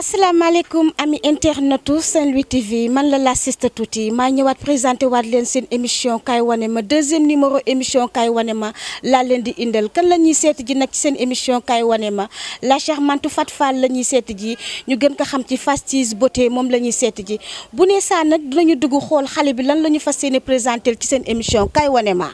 asalaamaaleykum ami internetu Saint Louis TV man la la sista tuuti maa ñëwaat présenté waat leen seen émission kaay wane ma deuxième numéro émission kaay wane ma laa leen di indal kan la ñuy seeti ji nag ci seen émission kaay wane ma la charmante Fat Fall la ñuy seeti ji ñu gën ko xam ci Fastis Beauté moom la ñuy seeti ji bu ne saa nag dinañu dugg xool xale bi lan la ñu fas yéene présenté ci seen émission kay wane ma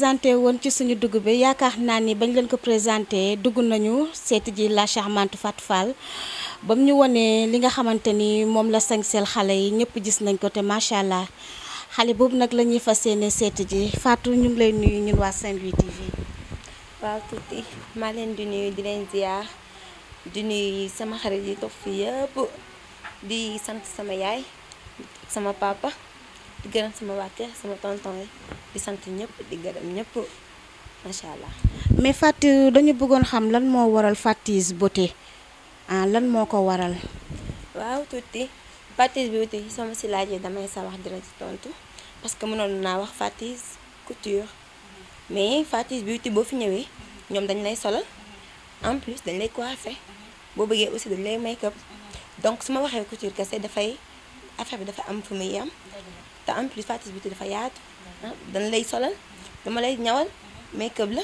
présenté woon ci suñu dugg bi yaakaar naa ni bañ leen ko présenté dugg nañu seeti ji la charmante Fatou Fall ba mu ñu wonee li nga xamante ni moom la sañseel xale yi ñëpp gis nañ ko te macha allah xale boobu nag la ñuy fas yéene seeti ji Fatou ñu ngi lay nuyu ñun waa Saint-Louis TV. leen di nuyu di leen ziar di nuyu sama xarit yi toog fi yëpp di sant sama yaay sama papa. di sama wakil sama tonton ya di sant ñëpp di gërëm ñëpp macha allah. mais Fatou dañu bëggoon xam lan waral Fatis beauté ah lan mau ko waral. waaw tuti Fatis beauté sama si laajee damay sawax di la ci tontu parce que mënoon naa wax Fatis couture mais Fatis beauty boo fi ñëwee ñoom dañ lay en plus dañ lay coiffer bo bëggee aussi dañ lay make up donc su ma waxee couture kese dafay affaire bi dafa am fu te en plus Fatis bi dafa yaatu dañ lay solal dama lay ñawal make la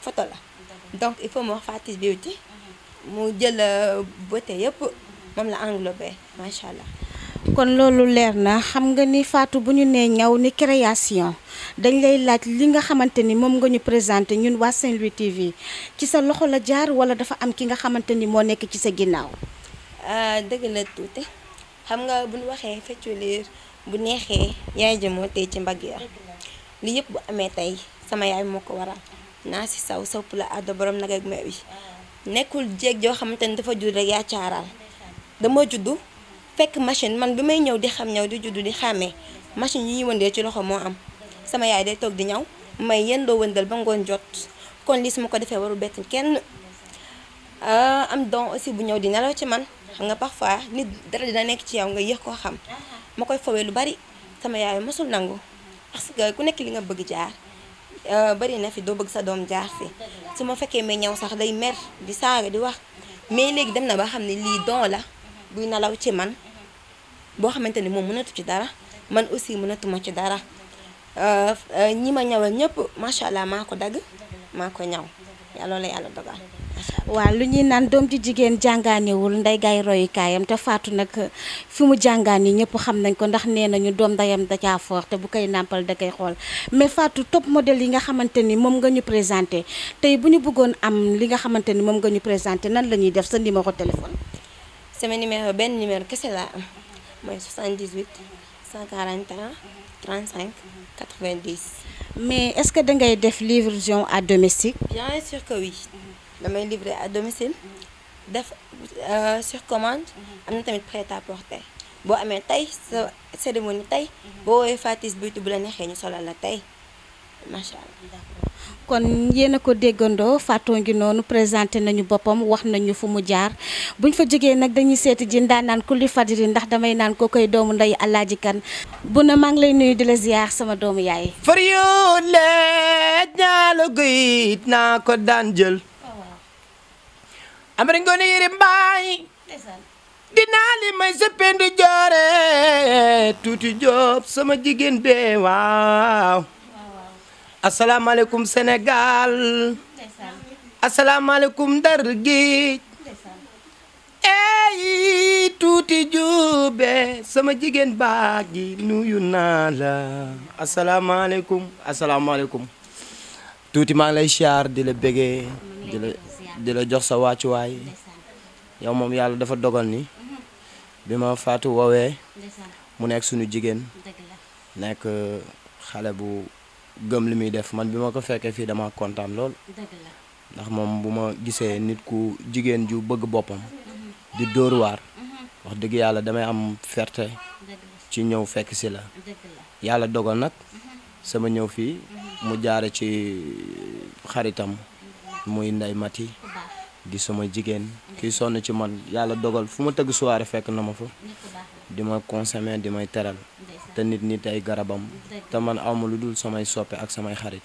photo la donc il faut mo Fatis Beauty mhm. mu jël euh, beauté yépp mom la englobé macha allah. kon lolu leer na xam nga ni Fatou bu ñu nee ñaw ni création dañ lay laaj li nga xamanteni mom nga ñu présenter ñun wa Saint-Louis TV ci sa loxo la jaar wala dafa am ki nga xamanteni mo nekk ci sa euh deug na touté xam nga bu ñu waxee feccu bu neexee yaay ja moo tey ci mbagg ya li yëpp bu amee tey sama yaay moo ko waral naa si saw saw la àdda borom nag ak meew yi nekkul jéeg joo xamante ni dafa judd rek yaa caaral dama judd fekk machine man bi may ñëw di xam ñëw di judd di xàmmee machine yi ñuy wëndee ci loxo moo am sama yaay day toog di ñaw may doo wëndal ba ngoon jot kon lii su ma ko defee warul bett kenn ah, am don aussi bu ñëw di nelaw ci man xam nga parfois nit dara dina nekk ci yow nga yéex koo xam ma koy fowee lu bari sama yaay mosul nangu parce que ku nekk li nga bëgg jaar euh, bari na fi doo bëgg sa doom jaar fi su ma fekkee ma ñaw sax day mer di saaga di wax mais léegi dem na ba xam ne lii don la buy nalaw ci man boo xamante ni moom mënatu ci dara man aussi mënatuma ci dara euh, euh, ñi ma ñawal ñëpp macha allah maa ko dagg maa ko ñaw yaa loolu la yàlla dogal waaw lu ñuy naan doom ji jigéen jàngaanewul nday gaay royukaayam te faatu nag fi mu jàngaan yi ñëpp xam nañ ko ndax nee nañu doom ndayam da caa foor te bu koy nàmpal da koy xool mais faatu top modèle yi nga xamante ni moom nga ñu présenté tey bu ñu bëggoon am li nga xamante ni moom nga ñu présenté nan la ñuy def sa numéro téléphone sama numéro benn numéro kese laa am mooy 78 141 35 90 mais est-ce que da ngay def livraison à domicile bien sûr damay livrer à domicile def euh, sur commande mhm. am na tamit prêt à porter boo amee tey sa cérémonie tey mhm. boo woowee Fatis Beauty bu la neexee ñu solal la tey macha allah. kon yéen a ko déggandoo Fatou ngi noonu présenté nañu boppam wax nañu fu mu jaar buñ fa jógee nag dañuy seeti ji ndaan naan kulli fadiri ndax damay naan ko koy doomu nday alaaji kan bu na maa lay nuyu di la ziar sama doomu yaay. far yoo leet ñaalu guyit naa ko daan jël. am ri ngoon yëri mbaay dinaa li may sëppendu joore tuuti joob sama jigéen bee waaw asalaamaaleykum Sénégal asalaamaaleykum ndar géej eey tuuti juube sama jigéen baa gi nuyu naa la asalaamaaleykum asalaamaaleykum tuuti maa ngi lay siyaar di la bégee di la jox sa wàccuwaay yow moom yàlla dafa dogal ni bi ma faatu woowee mu nekk sunu jigéen nekk uh, xale bu gëm li muy def man bi ma ko fekkee fii dama kontaan lool ndax moom bu ma gisee nit ku jigéen ju bëgg boppam di dóor waar wax dëgg yàlla damay am ferte ci ñëw fekk si la yàlla dogal nag sama ñëw fii mu jaare ci xaritam muy ndey Mati di sama jigéen kiy sonn ci man yàlla dogal fu ma tëgg soirée fekk na ma fa di ma consommer di may teral te nit nit ay garabam te man awma lu dul samay soppe ak samay xarit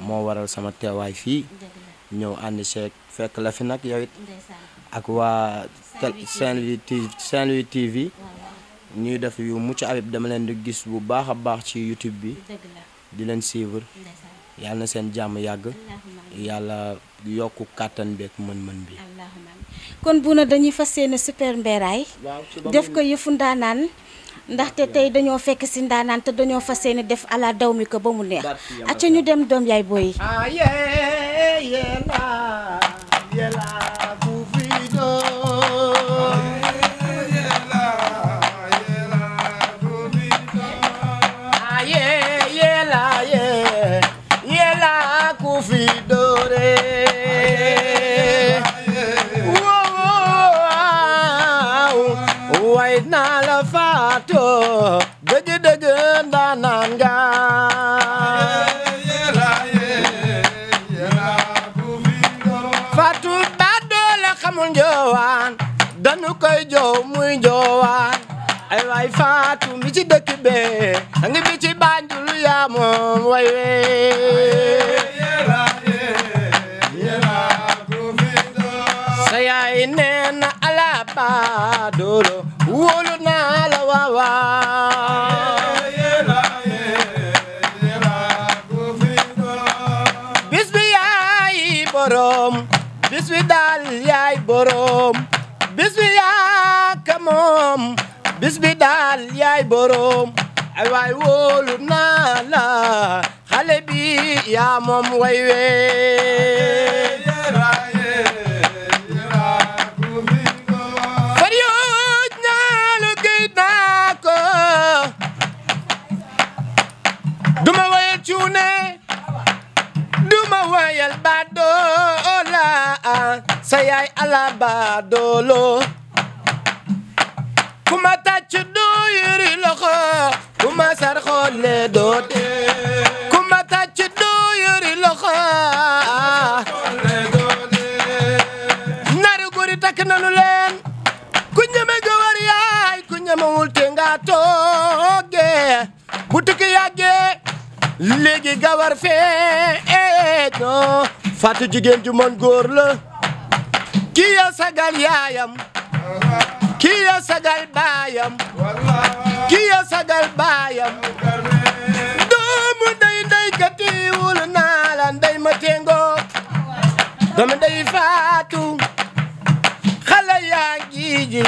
moo waral sama teewaay fii ñëw ànd seeg fekk la fi nag yow ak waa Saint-Louis TV Saint-Louis TV ñuy def yu mucc ayib dama leen di gis bu baax a baax ci YouTube bi di leen suivre yàlla na seen jàmm yàgg yàlla yokk kàttan beeg mën-mën bi kon bu na dañuy fas yéene super mberaay def ko yëfu ndaanaan ndaxte tey dañoo fekk si ndaanaan te dañoo fa yéene def ala daw mi ko ba mu neex acca ñu dem doom yaay booy yela way sa yaay nee daal yaay borom bis bi ka moom bis daal yaay borom ay waay wóolu naa la xale bi yaa moom way wee wayal badoola sa yaay ala badoolo kuma tàcc doo yëri loxo basar xool ne doote kumba tàcc du yori loxo nari guri takk nanu leen ku ñeme gawar yaay ku ñemewul te nga tooge bu tukki yàgge léegi gawar fee non fatu jigéen ju mën góor la ki ya sagal yaayam ki ya sagal baayam ki ya sagal baayam doomu ndey ndey katiwul naa la ndey ma tengoo doomu ndey faatu xale yaa ngi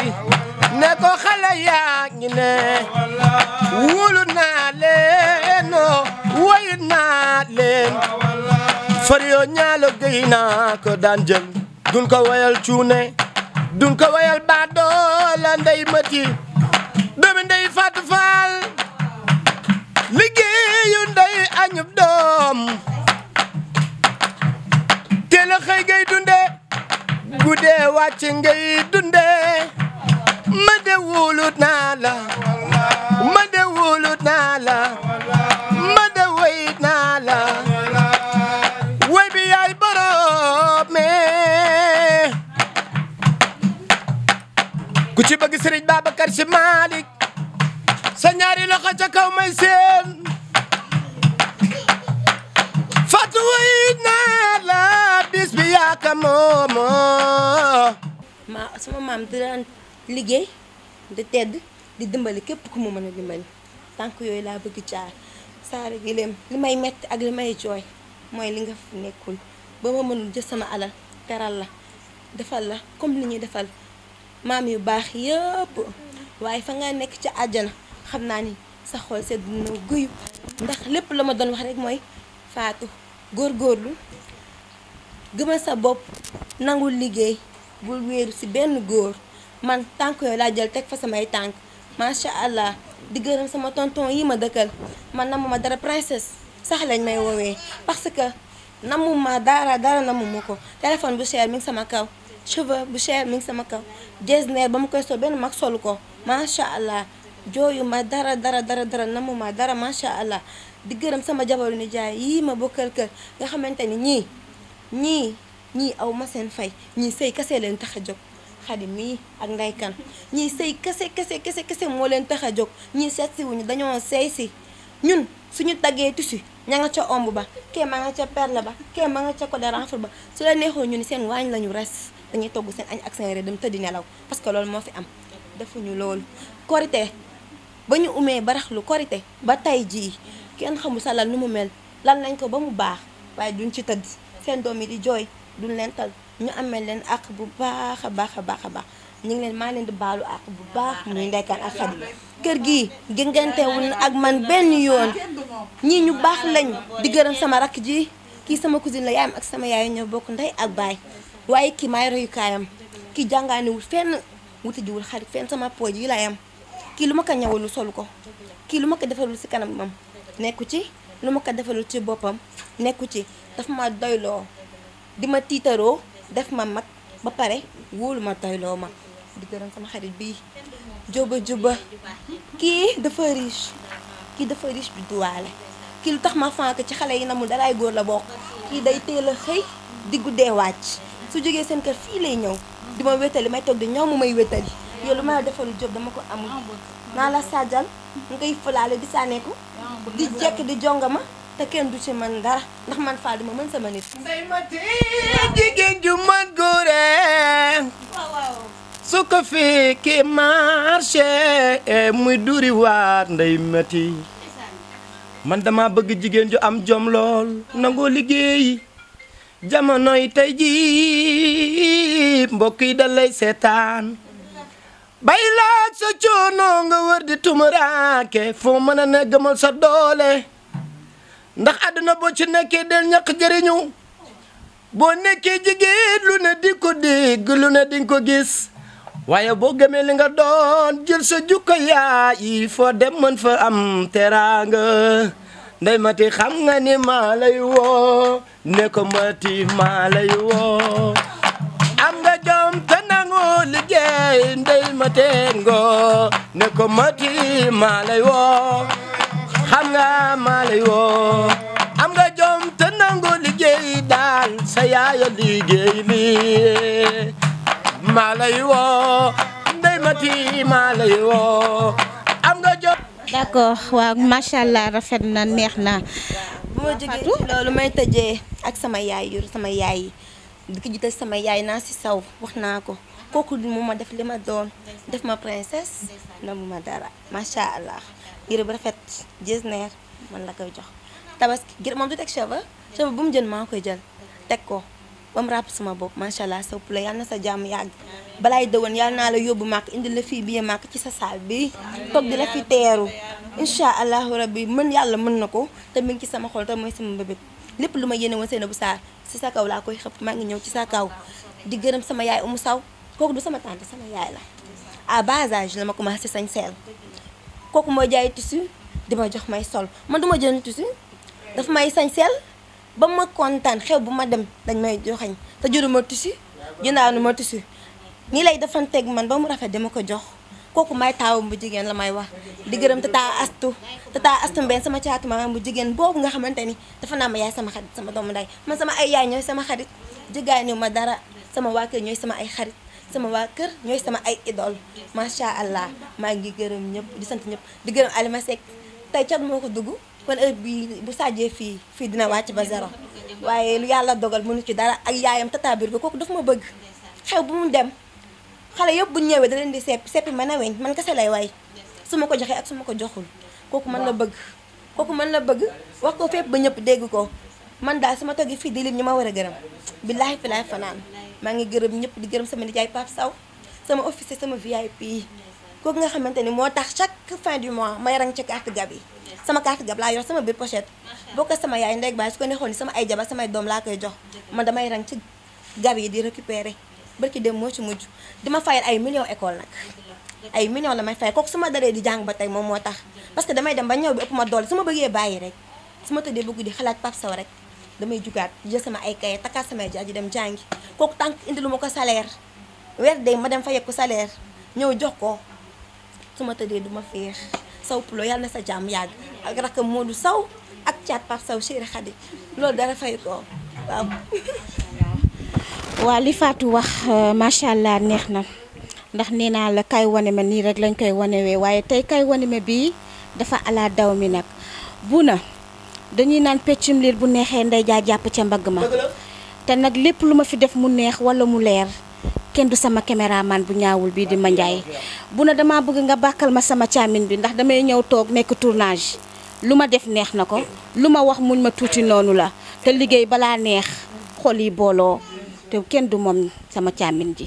ne ko xale yaa ngi wulu naa leen woyut naa leen far yoo ñaalo gëy naa ko daan jël dun ko wayal cuune dun ko wayal baa ndey mati doomi ndey Fatou liggéeyu ndey añub doom teel a xëy dunde guddee wàcc ngay dunde ma de wulut naa la ma de wulut naa la ma de woyit naa la ku ci bëgg sëriñ Babacar Si Malik, sa ñaari loxo ca kaw may seen fatu wayit naa la bis bi yaaka moomo ma sama mam di daan liggéey di tedd di dimbali képp ku mu mën a dimbali tànk yooyu laa bëgg jaar saara gi lem limay met ak limay joy moy li nga nekkul ba ma mënul jël sama alal teral la defal la comme li ñi defal maam yu baax yëpp waaye fa nga nekk ci àjjana xam naa ni sa xol sedd na guyu ndax lépp la ma doon wax rek mooy faatu góorlu gëmal sa bopp nangul liggéey bul wéeru ci benn góor man tànk yooyu laa jël teg fa samay tànk macha allah di gërëm sama tonton yi ma dëkkal man namu ma dara princesse sax lañ may woowee parce que namu ma dara dara namu ma ko téléphone bu cher mi sama kaw cheveux bu cher mi ngi sama kaw jesner ba mu koy sol benn mag sol ko macha allah jooyu ma dara dara dara dara namu ma dara macha allah di gërëm sama jabaru nijaay yii ma bokkal kër nga xamante ni ñii ñii ñii aw ma seen fay ñii sëy kase leen tax a jóg xadi mii ak ndaykan ñii sëy kase kase kase kase moo leen tax a jóg ñii seet si wuñu dañoo sëy si ñun suñu taggee tusi ña nga ca omb ba kee ma nga ca perle ba kee ma nga ca code renfort ba su la neexoo ñu ni seen waañ lañu res dañuy togg seen añ ak seen reer dem tëddi nelaw parce que loolu moo fi am defuñu loolu korite ba ñu umee baraxlu korite ba tey jii kenn xamu sa lal nu mu mel lal nañ ko ba mu baax waaye duñ ci tëdd seen doom yi di jooy duñ leen tal ñu amee leen àq bu baax a baax a baax a baax ñu ngi leen maa leen di baalu àq bu baax muy ndeykaan ak xadi kër gii na ak man benn yoon ñii ñu baax lañ di gërëm sama rakk ji kii sama cousine la yaayam ak sama yaayu ñoo bokk ndey ak baay may kii kayam ki jangani wul fenn wuti jiwul xarit fenn sama pooj yi la yam ki lu ma ko lu sol ko ki lu ma ko defalul kanam kanamam neeku ci lu ma ko defalul ci bopam neeku ci daf ma doylo di titero daf def ma mak ba pare wóolu ma doyloo ma di gëran sama xarit bi juba juba ki dafa riche ki dafa riche bi duwaale ki lu tax ma ci xalé yi namul la bok ki day teel xey di wacc su jógee seen kër fii lay ñëw di ma wétali may toog di ñëw mu may wétali yow lu ma la defalu dama ko amul naa la saajal ngay fëlaale di sànneeku di jekk di jongama te kenn du ci man dara ndax man faa dama mën sama nit say mati jigéen ju mën góore su ko fi ki marché muy duri waat nday mati man dama bëgg jigéen ju am jom lool nangoo liggéeyi jamonoy tey ji mbokk yi da lay seetaan bay laaj sa coono nga wër di tumuraake foo mën a ne gëmal sa doole ndax àdduna boo ci nekkee del ñàkk jëriñu boo nekkee jigéen lu ne di ko dégg lu ne di ko gis waaye boo gëmee li nga doon jël sa jukka yaay foo dem mën fa am teraanga nday mati xam nga ni maa lay woo ne ko mati maa lay woo am nga jom te nangu liggéey nday mate ngoo ne ko mati maa lay woo xam nga maa woo am nga jom te nangu liggéey daal sa yaaya liggéey li maa woo nday mati maa woo d' accord waaw macha allah rafet na neex na. bu ma jógee ci loolu may tëjee ak sama yaay yor sama yaay yi di ko jiital sama yaay naa si saw wax naa ko kooku mu ma def li ma doon def ma princesse na mu ma dara macha allah yére bu rafet jésneer man la koy jox tabaski gir moom du teg cheveux cheveux bu mu jën maa koy jël teg ko. ba mu ràpp sama bopp macha allah sa pula yal na sa jàmm yàgg balaay dëwoon yal naa la yóbbu màkk indi la fii biir màkk ci sa saal bi toog di la fi teeru incha allahu rabbi mën yàlla mën na ko te mi ngi ci sama xol te mooy sama bébét lépp lu ma yéene woon seen bu saar si sa kaw laa koy xëpp maa ngi ñëw ci sa kaw di gërëm sama yaay umu saw kooku du sama tante sama yaay la à bas âge la ma commencé sañ seel kooku mooy jaay tissu di ma jox may sol man d ma jënd tissu daf may sañ ba mu ma kontaan xew bu ma dem dañ may joxañ te juru ma tusi jëndaanu ma tusi nii lay defanteeg man ba mu rafet dama ko jox kooku may taawam bu jigéen la may wax di gërëm tata astu tata astu mbenn sama caatu maam bu jigéen boobu nga xamante ni dafa naa ma yaay sama xarit sama doomu nday man sama ay yaay ñooy sama xarit jëgaani ma dara sama waa kër ñooy sama ay xarit sama waa kër ñooy sama ay idole macha allah maa ngi gërëm ñëpp di sant ñëpp di gërëm Alima Seck tey cat moo ko dugg kon heure bii bu sàjjee fii fii dina wàcc ba zéro waaye lu yàlla dogal mënu ci dara ak yaayam tata biir ko kooku dafa ma bëgg xew bu mu dem xale yëpp bu ñëwee da leen di seppi seppi man a weñ man kese lay way su ma ko joxee ak su ma ko joxul kooku man la bëgg kooku man la bëgg wax ko fépp ba ñëpp dégg ko man daal ma togi fii di lim ñu ma war a gërëm billaahi fi laay fanaan maa ngi gërëm ñëpp di gërëm sama nijaay Pape Saw sama officier sama VIP kooku nga xamante ni moo tax chaque fin du mois may rang ci carte gab yi sama carte gab laa yor sama bir pochette boo sama yaay indek bahas, su ko neexoon sama ay bahas sama dom lah koy jox man damay rang ci gab yi di récupérer barki dem moo ci mujj dima fayal ay million école nag ay million la may fay kooku su ma daree di jàng ba tey moom moo tax parce que damay dem ba ñëw bi ëpp ma e rek bëgg di xalaat pap saw rek damay jugaat jël sama ay kaye takkaat samay di dem jàngi kok tang indi lu ma salaire ma dem fa ko salaire ñëw jox ko su ma tëddee ma saw pulo yàlla sa jàmm yàgg ak rakk Modou saw ak caat par saw chéri Khady loolu dara fay ko waaw. waaw li Fatou wax euh, macha allah neex na ndax nee naa la kay ma nii rek lañ koy wanewee waaye tey kay wone ma bii dafa ala daw mi nag bu na dañuy naan peccum liir bu neexee nday jaa jàpp ca mbagg ma te nag lépp lu ma fi def mu neex wala mu leer. kenn du sama caméraman bu ñaawul bii di ma Mandiaye bu na dama bëgg nga bàkkal ma sama càmmiñ bi ndax damay ñëw toog nekk tournage lu ma def neex na ko lu ma wax mu ma tuuti noonu la te liggéey balaa neex xol yi booloo te kenn du moom sama càmmiñ ji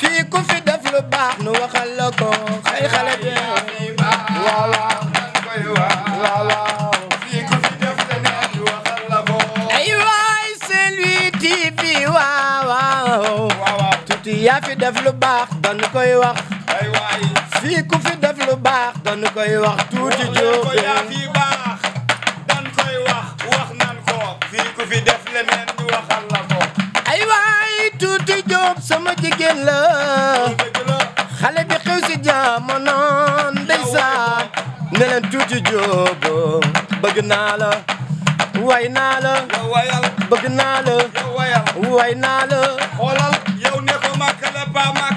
fii ku fi def lu baax nu waxal la ko ay xale bi waaw waaw yaa fi def lu baax dañu koy wax. fii ku fi def lu baax dañu koy wax. tuuti Diop yaa fi baax dañu koy wax nan ko. fii ku fi def leneen ñu waxal la ko. ay waay tuuti Diop sama jigéen la. xale bi xew si jamono ndeysaan. ne tuuti Diop bëgg naa way naa way naa about my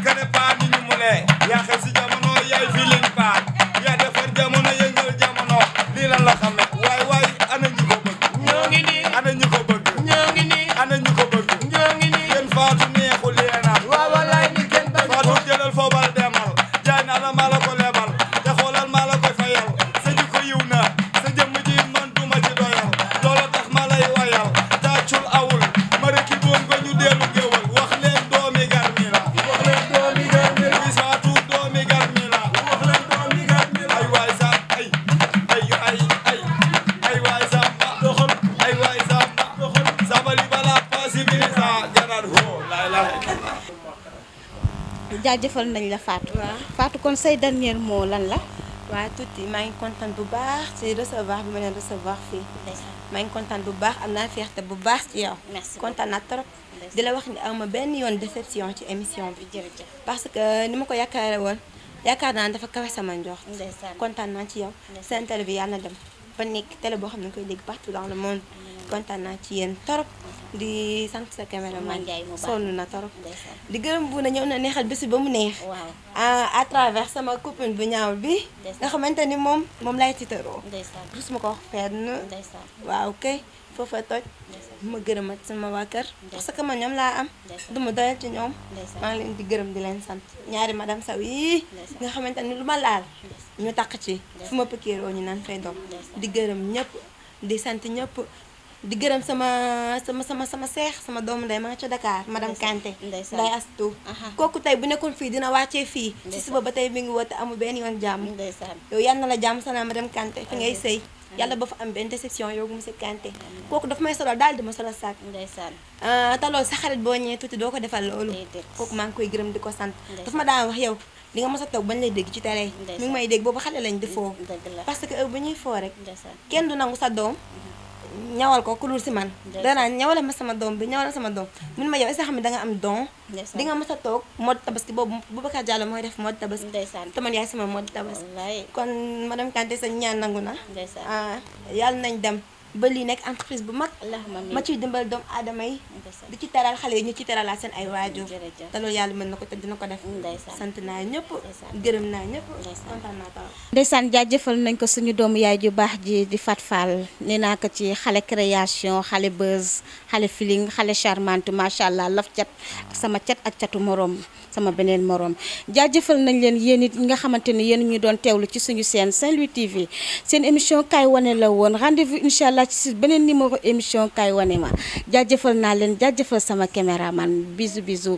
Conseil dernièrement dernier lan la. wa touti ngi bu baax recevoir bu recevoir fi Ma ngi de bu baax amna fierté bu baax ci yow. trop. la wax ni am de déception ci émission bi. parce que euh, nima ko dafa kawé sama ndox na ci yow. bi dem ba télé bo koy partout dans le monde. kontaan naa ci yéen torop di sant sa caméraman sonn na torop di gërëm bu na ñëw na neexal bés ba mu neex a travers sama copine bu ñaaw bi nga xamante ni moom moom lay tiitaroo rus ma ko wax fenn waaw kay foofa toj ma gërëmat sama waa kër parce que man ñoom laa am duma doyal ci ñoom maa ngi leen di gërëm di leen sant ñaari madame saw yi nga xamante ni lu ma laal ñu taq ci fu ma oo ñu naan fay doom di gërëm ñëpp di sant ñëpp di gërëm sama sama sama sama seex sama doom ndey ma nga ca ma madame Kanté nday astu kooku tey bu nekkoon fii dina wàcce fii ci suba ba tey mi ngi woote amul benn yoon jàmm yow yal na la jàmm sanaa madame Kanté fi ngay sëy yàlla ba fa am benn déception yow monsieur Kanté kooku dafa may solal daal di ma solal saak ndeysaan ah, te loolu sa xarit boo ñëwee tuuti doo ko defal loolu kooku maa ngi koy gërëm di ko sant dafa ma daan wax yow li nga mos a toog bañ lay dégg ci télé mi ngi may dégg boobu parce que bu ñuy foo rek kenn du nangu sa doom mhm. ñawal ko ku dul si man danaa ñawale ma sama doom bi ñawale sama doom mun ma yow est-ce que xam am don di nga mës a toog mode tabaski boobu Boubacar Diallo mooy def mode tabaski te man yaay sama mode tabaski kon madame Kanté sa ñaan nangu na ah, yàlla nañ dem ba lii nekk entreprise bu mag ma ciy dimbal doomu aadama yi di ci teral xale yi ñu ci teralaat seen ay waajur te loolu yàlla mën na ko te dina ko def sant naa ñëpp gërëm naa ñëpp kontaan naa tam jaajëfal nañ ko suñu doomu yaay ju baax ji di Fat Fall nee naa ko ci xale création xale buzz xale feeling xale charmante macha allah laf cat sama cat ak catu moroom sama beneen moroom jaajëfal nañ leen yéen it nga xamante ne yéen ñu doon teewlu ci suñu seen Saint Louis TV allah ci si beneen numéro émission kaay wane ma jaajëfal naa leen jëfal sama caméraman bisu bisu.